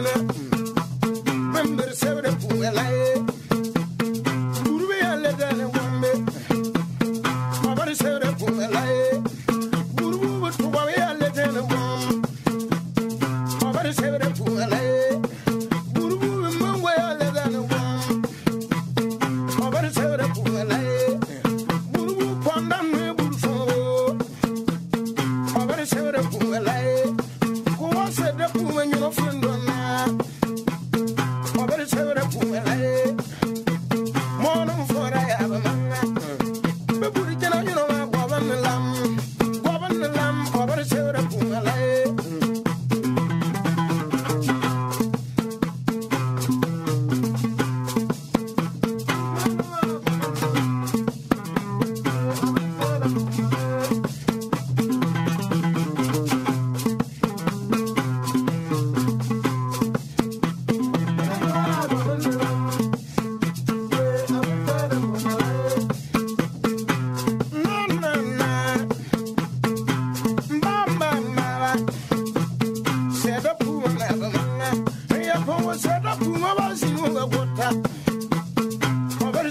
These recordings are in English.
Somebody said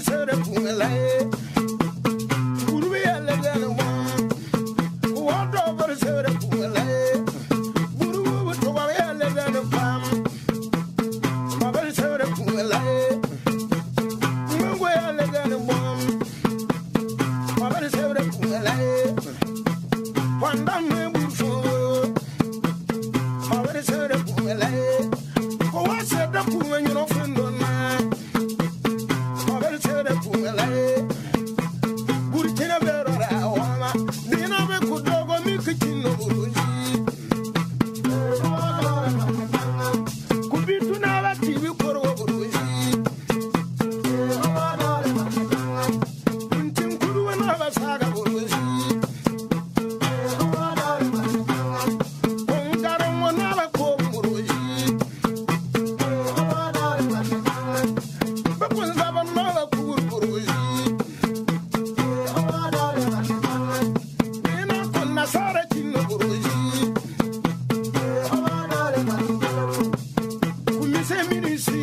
Paris, her de Pungalai. sem me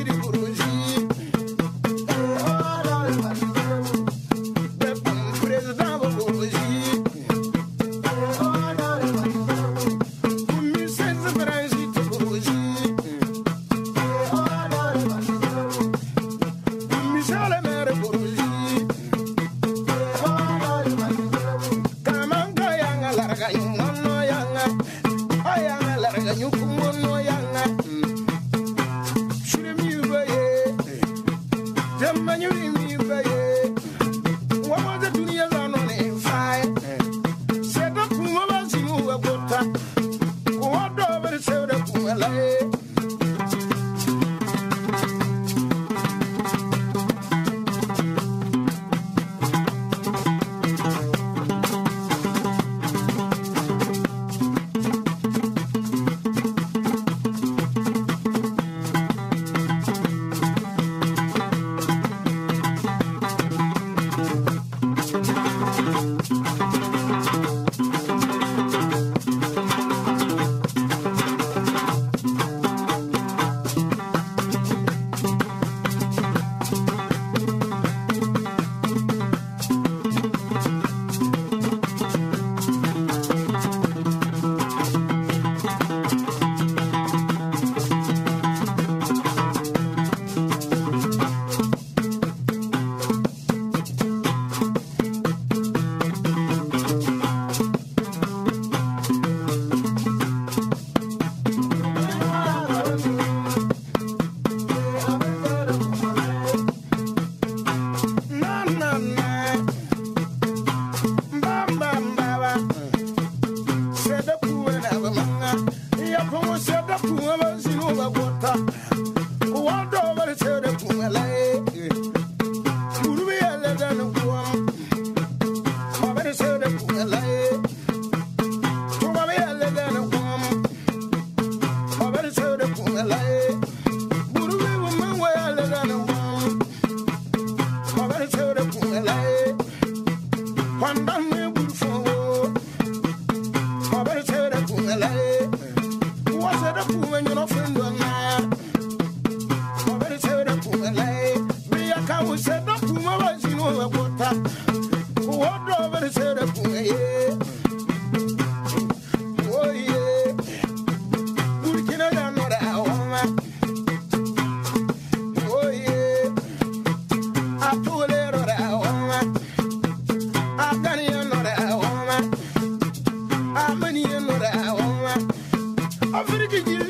láyé. Africa.